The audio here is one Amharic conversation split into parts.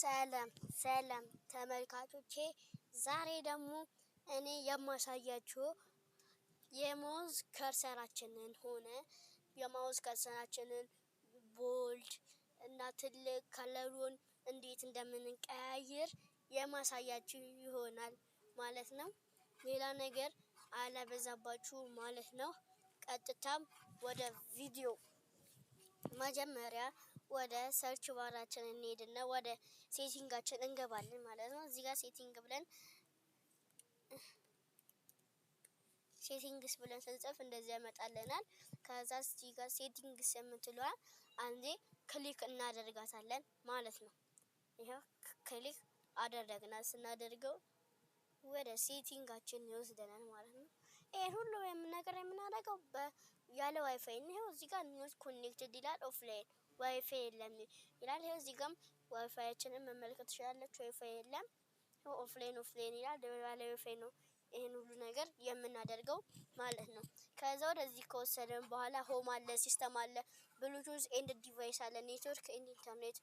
ሰላም ሰላም ተመልካቾቼ፣ ዛሬ ደግሞ እኔ የማሳያችሁ የማውዝ ከርሰራችንን ሆነ የማውዝ ከርሰራችንን ቦልድ እና ትልቅ ከለሩን እንዴት እንደምንቀያየር የማሳያችሁ ይሆናል ማለት ነው። ሌላ ነገር አላበዛባችሁ ማለት ነው። ቀጥታም ወደ ቪዲዮ መጀመሪያ ወደ ሰርች ባራችን እንሄድና ወደ ሴቲንጋችን እንገባለን ማለት ነው። እዚህ ጋር ሴቲንግ ብለን ሴቲንግስ ብለን ስንጽፍ እንደዚህ ያመጣልናል። ከዛ እዚህ ጋር ሴቲንግስ የምትለዋ አንዴ ክሊክ እናደርጋታለን ማለት ነው። ይኸው ክሊክ አደረግናል። ስናደርገው ወደ ሴቲንጋችን ይወስደናል ማለት ነው። ይሄ ሁሉ ነገር የምናደርገው ያለ ዋይፋይ ነው። እዚህ ጋር ኒውዝ ኮኔክትድ ይላል ኦፍላይን ዋይፋይ የለም ይላል። ይሄው እዚህ ጋም ዋይፋያችንን መመልከት ትችላለች። ዋይፋይ የለም ኦፍላይን ኦፍላይን ይላል። ባለ ዋይፋይ ነው ይህን ሁሉ ነገር የምናደርገው ማለት ነው። ከዛ ወደዚህ ከወሰደን በኋላ ሆም አለ፣ ሲስተም አለ፣ ብሉቱዝ ኤንድ ዲቫይስ አለ፣ ኔትወርክ ኤንድ ኢንተርኔት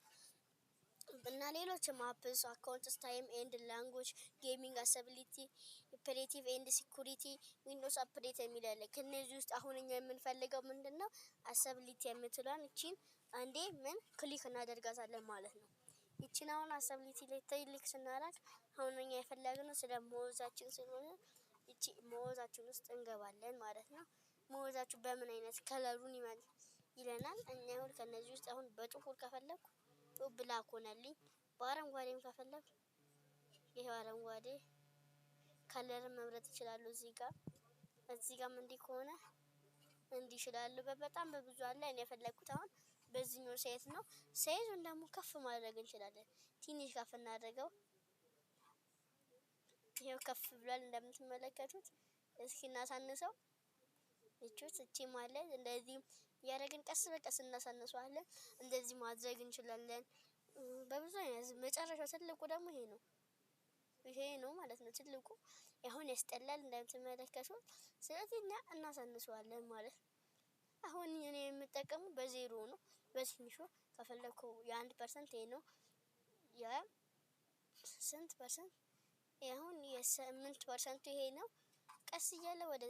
እና ሌሎች ማፕስ፣ አካውንትስ፣ ታይም ኤንድ ላንጉጅ፣ ጌሚንግ፣ አሰብሊቲ፣ ኦፕሬቲቭ ኤንድ ሲኩሪቲ፣ ዊንዶውስ አፕዴት የሚላለ ከነዚህ ውስጥ አሁን እኛ የምንፈልገው ምንድን ነው? አሰብሊቲ የምትሏን እቺን አንዴ ምን ክሊክ እናደርጋታለን ማለት ነው። ይችን አሁን አሳቢሊቲ ላይ ክሊክ ስናደርግ አሁን እኛ የፈለግነው ስለ መወዛችን ስለሆነ ይቺ መወዛችን ውስጥ እንገባለን ማለት ነው። መወዛችሁ በምን አይነት ከለሩን ይለናል። እኛ ሁን ከነዚህ ውስጥ አሁን በጥቁር ከፈለኩ ብላክ ሆነልኝ። በአረንጓዴም ከፈለኩ ይሄ አረንጓዴ ከለር መምረጥ ይችላሉ። እዚህ ጋር እዚህ ጋርም እንዲህ ከሆነ እንዲህ ይችላሉ። በጣም በብዙ አለ። እኔ የፈለግኩት አሁን በዚህኛው ሳይዝ ነው። ሳይዙን ደግሞ ከፍ ማድረግ እንችላለን። ትንሽ ከፍ እናደርገው። ይሄው ከፍ ብሏል እንደምትመለከቱት። እስኪ እናሳንሰው። እቹት እቺ ማለት እንደዚህ እያደረግን ቀስ በቀስ እናሳንሰዋለን። እንደዚህ ማድረግ እንችላለን በብዙ አይነት። መጨረሻው ትልቁ ደግሞ ይሄ ነው ይሄ ነው ማለት ነው ትልቁ። አሁን ያስጠላል እንደምትመለከቱት። ስለዚህ እኛ እናሳንሰዋለን ማለት ነው። አሁን እኔ የምጠቀሙ በዜሮ ነው። በትንሹ ከፈለግኩ የአንድ ፐርሰንት ይሄ ነው። የስንት ፐርሰንት ይሁን? የስምንት ፐርሰንቱ ይሄ ነው። ቀስ እያለ ወደ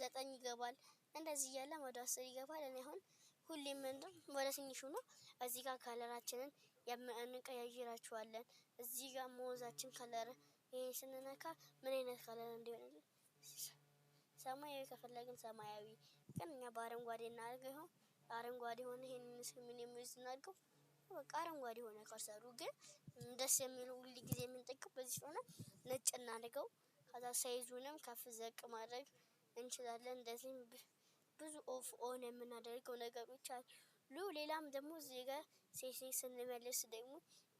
ዘጠኝ ይገባል። እንደዚህ እያለ ወደ አስር ይገባል። እኔ አሁን ሁሌ ምንድን ወደ ትንሹ ነው። እዚህ ጋር ከለራችንን እንቀያይራችኋለን። እዚህ ጋር መወዛችን ከለር ይህን ስንነካ ምን አይነት ከለር እንዲሆን ሰማያዊ ከፈለግን ሰማያዊ ግን እኛ በአረንጓዴ እናደርገው ይሆን አረንጓዴ ሆነ። ይሄን ምን የሚል በቃ አረንጓዴ ሆነ። ከርሰሩ ግን ደስ የሚል ሁል ጊዜ የምንጠቀም በዚህ ሆነ ነጭ እናድርገው። ከዛ ሳይዙንም ከፍ ዘቅ ማድረግ እንችላለን። እንደዚህም ብዙ ኦፍ ኦን የምናደርገው ነገሮች አሉ። ሌላም ደግሞ እዚህ ጋር ሴሴ ስንመለስ ደግሞ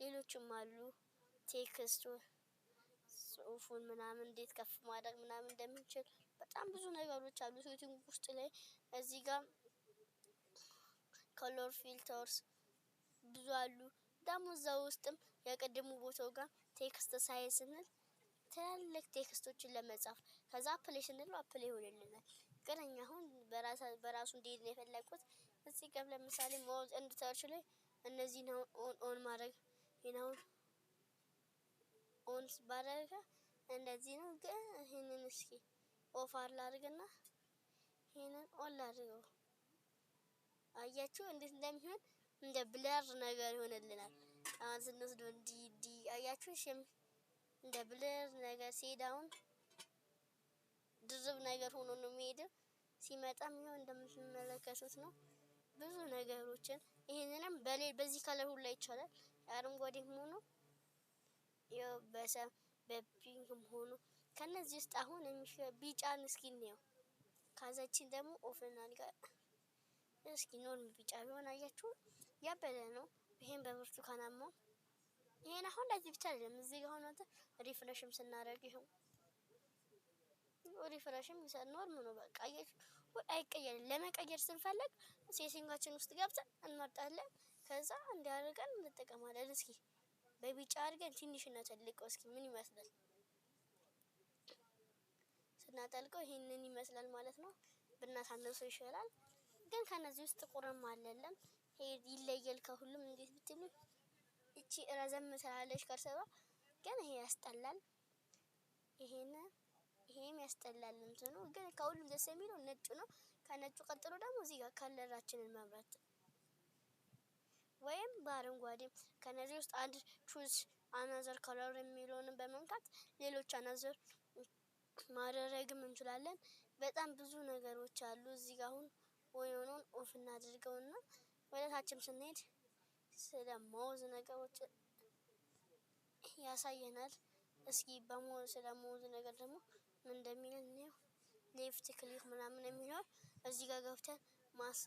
ሌሎችም አሉ። ቴክስቱ ጽሁፉን ምናምን እንዴት ከፍ ማድረግ ምናምን እንደምንችል በጣም ብዙ ነገሮች አሉ። ሴቲንግ ውስጥ ላይ እዚህ ጋር ከሎር ፊልተርስ ብዙ አሉ። ደግሞ እዛ ውስጥም የቅድሙ ቦታው ጋር ቴክስት ሳይዝ ስንል ትላልቅ ቴክስቶችን ለመጻፍ ከዛ አፕሌ ስንል አፕሌ ይሆንልናል። ግን እኛ አሁን በራሱ እንዲሄድ ነው የፈለግኩት። እዚህ ጋር ለምሳሌ ሞዝ ኤንድ ተርች ላይ እነዚህ ነው ኦን ማድረግ ይናውን ኦን ባደረገ እንደዚህ ነው። ግን ይህንን እስኪ ኦፍ አድርግና ይህንን ኦን ላድርገው። አያችሁ እንዴት እንደሚሆን እንደ ብለር ነገር ይሆንልናል። አሁን ስንወስድ ዲ ዲ አያችሁ ሽም እንደ ብለር ነገር ሲሄድ ድርብ ነገር ሆኖ ነው የሚሄደው። ሲመጣም ይኸው እንደምትመለከቱት ነው። ብዙ ነገሮችን ይህንንም በሌ በዚህ ከለር ሁላ ይቻላል። አረንጓዴም ሆኖ ያው በሰ በፒንክም ሆኖ ከነዚህ ውስጥ አሁን የሚሽ ቢጫን እስኪ እንየው። ካዛችን ደግሞ ጋር እስኪ ኖርም ቢጫ ቢሆን አያችሁ፣ ያበለ ነው። ይሄን በብርቱካናማ ይሄን አሁን ለዚህ ብቻ አይደለም። እዚህ ጋር ሆኖ ሪፍሬሽም ስናደርግ ይሄው ሪፍሬሽም ይሰጥ ኖርም ነው። በቃ አያችሁ፣ አይቀየርም። ለመቀየር ስንፈልግ ሴቲንጋችን ውስጥ ገብተን እንመርጣለን። ከዛ እንዲያደርገን እንጠቀማለን። እስኪ በቢጫ አድርገን ትንሽ እና ትልቀው እስኪ ምን ይመስላል ስናጠልቀው ይሄንን ይመስላል ማለት ነው። ብናሳንሰው ይሻላል። ግን ከነዚህ ውስጥ ጥቁርም አለለም ይለየል ከሁሉም እንዴት ብትሉ እቺ ረዘም ትላለች ከርሰባ ግን ይሄ ያስጠላል። ይሄን ይሄም ያስጠላል እንትኑ ግን ከሁሉም ደስ የሚለው ነጩ ነው። ከነጩ ቀጥሎ ደግሞ እዚህ ጋር ከለራችንን መምረጥ ወይም በአረንጓዴ ከነዚህ ውስጥ አንድ ቹዝ አናዘር ከለር የሚለውንም በመንካት ሌሎች አናዘር ማድረግም እንችላለን። በጣም ብዙ ነገሮች አሉ እዚህ ጋር አሁን ወይኑን ኦፍ እናድርገውና ወደ ታችም ስንሄድ ስለ ሞዝ ነገሮች ያሳየናል። እስኪ በሞዝ ስለ ሞዝ ነገር ደግሞ ምን እንደሚለን ነው። ሌፍት ክሊክ ምናምን የሚለው እዚህ ጋር ገብተን ማስ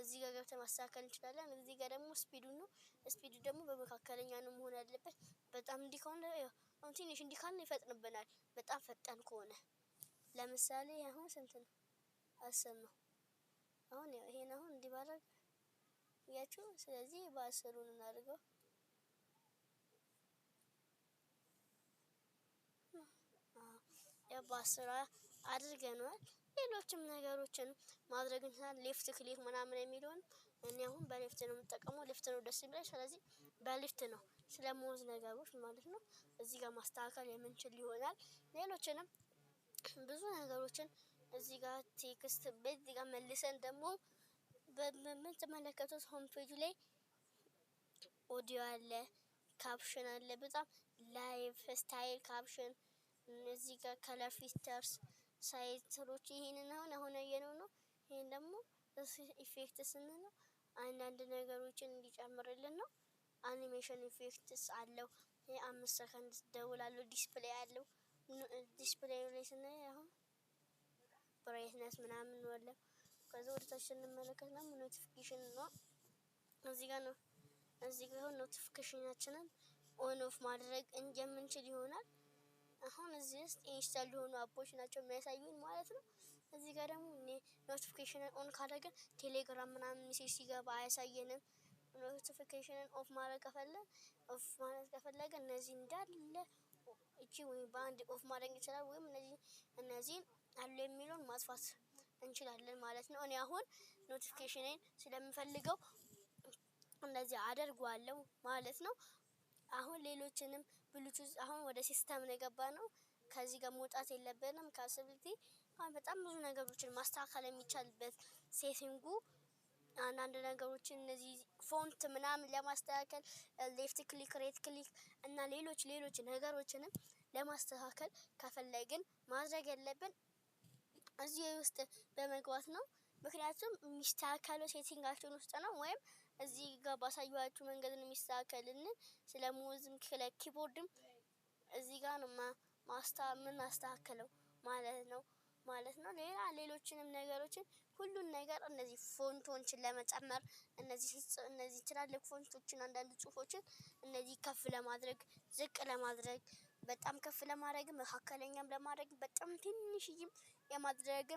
እዚህ ጋር ገብተን ማስተካከል እንችላለን። እዚህ ጋር ደግሞ ስፒዱ ነው። ስፒዱ ደግሞ በመካከለኛ ነው መሆን ያለበት። በጣም እንዲህ ከሆነ አሁን ትንሽ እንዲህ ካልን ይፈጥንብናል። በጣም ፈጣን ከሆነ ለምሳሌ አሁን ስንት ነው? አስር ነው። አሁን ይሄን አሁን እንዲህ ማድረግ እያችሁ። ስለዚህ በአስሩን እናድርገው። በአስራ አድርገናል። ሌሎችም ነገሮችን ማድረግ እንችላለን። ሊፍት ክሊክ ምናምን የሚለውን እኔ አሁን በሊፍት ነው የምጠቀመው። ሊፍት ነው ደስ ይላል። ስለዚህ በሊፍት ነው ስለመወዝ ነገሮች ማለት ነው እዚህ ጋር ማስተካከል የምንችል ይሆናል። ሌሎችንም ብዙ ነገሮችን እዚህ ጋር ቴክስት ቤት እዚህ ጋር መልሰን ደግሞ በምትመለከቱት ሆም ፔጁ ላይ ኦዲዮ አለ፣ ካፕሽን አለ። በጣም ላይቭ ስታይል ካፕሽን፣ እዚህ ጋር ከለር ፊልተርስ፣ ሳይትሮች ይሄንን አሁን አሁን ያየነው ነው። ይሄን ደግሞ ኢፌክት ስንለው አንዳንድ ነገሮችን እንዲጨምርልን ነው። አኒሜሽን ኢፌክትስ አለው። የአምስት ሰከንድ ደውላለሁ ዲስፕሌይ አለው። ዲስፕሌይ ላይ ስናይ አሁን ብራይትነስ ምናምን ወለ ከዛ ወደ ታች ስንመለከት ነው ኖቲፊኬሽን ነው እዚህ ጋር ነው። እዚህ ጋር ነው ኖቲፊኬሽናችንን ኦን ኦፍ ማድረግ እንደምንችል ይሆናል። አሁን እዚህ ውስጥ ኢንስታል የሆኑ አፖች ናቸው የሚያሳዩን ማለት ነው። እዚህ ጋር ደግሞ እኔ ኖቲፊኬሽንን ኦን ካደረግን ቴሌግራም ምናምን ሜሴጅ ሲገባ አያሳየንም። ኖቲፊኬሽንን ኦፍ ማድረግ ከፈለ ኦፍ ማድረግ ከፈለገ እነዚህ እንዳለ እቺ ወይ በአንድ ኦፍ ማድረግ ይችላል ወይም እነዚህ እነዚህን አሉ የሚለውን ማጥፋት እንችላለን ማለት ነው። እኔ አሁን ኖቲፊኬሽኔን ስለምፈልገው እንደዚህ አደርገዋለሁ ማለት ነው። አሁን ሌሎችንም ብሉቱዝ አሁን ወደ ሲስተም ነው የገባ ነው። ከዚህ ጋር መውጣት የለብንም። ከአስብልቲ አሁን በጣም ብዙ ነገሮችን ማስተካከል የሚቻልበት ሴቲንጉ አንዳንድ ነገሮችን እነዚህ ፎንት ምናምን ለማስተካከል ሌፍት ክሊክ፣ ሬት ክሊክ እና ሌሎች ሌሎች ነገሮችንም ለማስተካከል ከፈለግን ማድረግ ያለብን እዚህ ውስጥ በመግባት ነው። ምክንያቱም የሚስተካከለው ሴቲንጋችን ውስጥ ነው። ወይም እዚህ ጋር ባሳየኋችሁ መንገድ የሚስተካከልን ስለ ሙዝም ስለ ኪቦርድም እዚህ ጋር ነው ማስታ ምን አስተካከለው ማለት ነው ማለት ነው። ሌላ ሌሎችንም ነገሮችን ሁሉን ነገር እነዚህ ፎንቶችን ለመጨመር እነዚህ እነዚህ ትላልቅ ፎንቶችን አንዳንድ ጽሁፎችን እነዚህ ከፍ ለማድረግ ዝቅ ለማድረግ በጣም ከፍ ለማድረግ መካከለኛም ለማድረግ በጣም ትንሽይም የማድረግ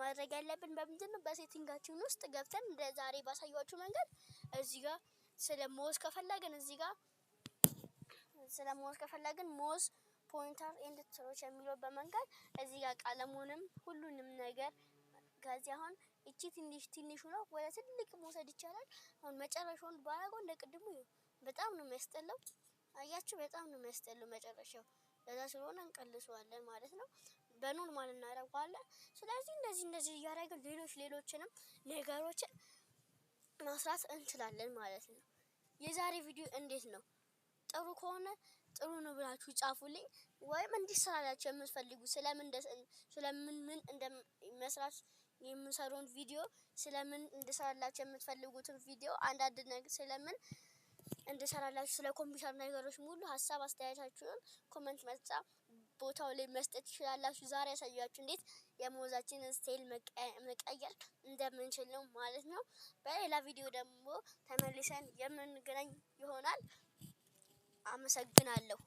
ማድረግ ያለብን በምንድን ነው? በሴቲንጋችን ውስጥ ገብተን እንደ ዛሬ ባሳያችሁ መንገድ እዚህ ጋር ስለ ሞዝ ከፈለግን እዚህ ጋር ስለ ሞዝ ከፈለግን ሞዝ ፖይንተር ኤንድ ትሮች የሚለው በመንገድ እዚህ ጋር ቀለሙንም ሁሉንም ነገር ከዚህ አሁን እቺ ትንሽ ትንሹ ነው፣ ወደ ትልቅ መውሰድ ይቻላል። አሁን መጨረሻውን ባረገው እንደ ቅድሙ በጣም ነው የሚያስጠላው። አያችሁ፣ በጣም ነው የሚያስጠላው መጨረሻው። ለዛ ስለሆነ እንቀልሰዋለን ማለት ነው። በኖርማል እናደርገዋለን። ስለዚህ እንደዚህ እንደዚህ እያደረግን ሌሎች ሌሎችንም ነገሮችን መስራት እንችላለን ማለት ነው። የዛሬ ቪዲዮ እንዴት ነው? ጥሩ ከሆነ ጥሩ ነው ብላችሁ ጻፉልኝ። ወይም እንዲሰራላችሁ የምትፈልጉ ስለምን ስለምን ምን እንደመስራት የምሰሩን ቪዲዮ ስለምን እንድሰራላችሁ የምትፈልጉትን ቪዲዮ አንዳንድ ነገር ስለምን እንድሰራላችሁ ስለ ኮምፒውተር ነገሮች ሙሉ ሀሳብ አስተያየታችሁን ኮመንት መጻፍ ቦታው ላይ መስጠት ይችላላችሁ። ዛሬ ያሳያችሁ እንዴት የሞዛችንን ስቴል መቀየር እንደምንችል ነው ማለት ነው። በሌላ ቪዲዮ ደግሞ ተመልሰን የምንገናኝ ይሆናል። አመሰግናለሁ።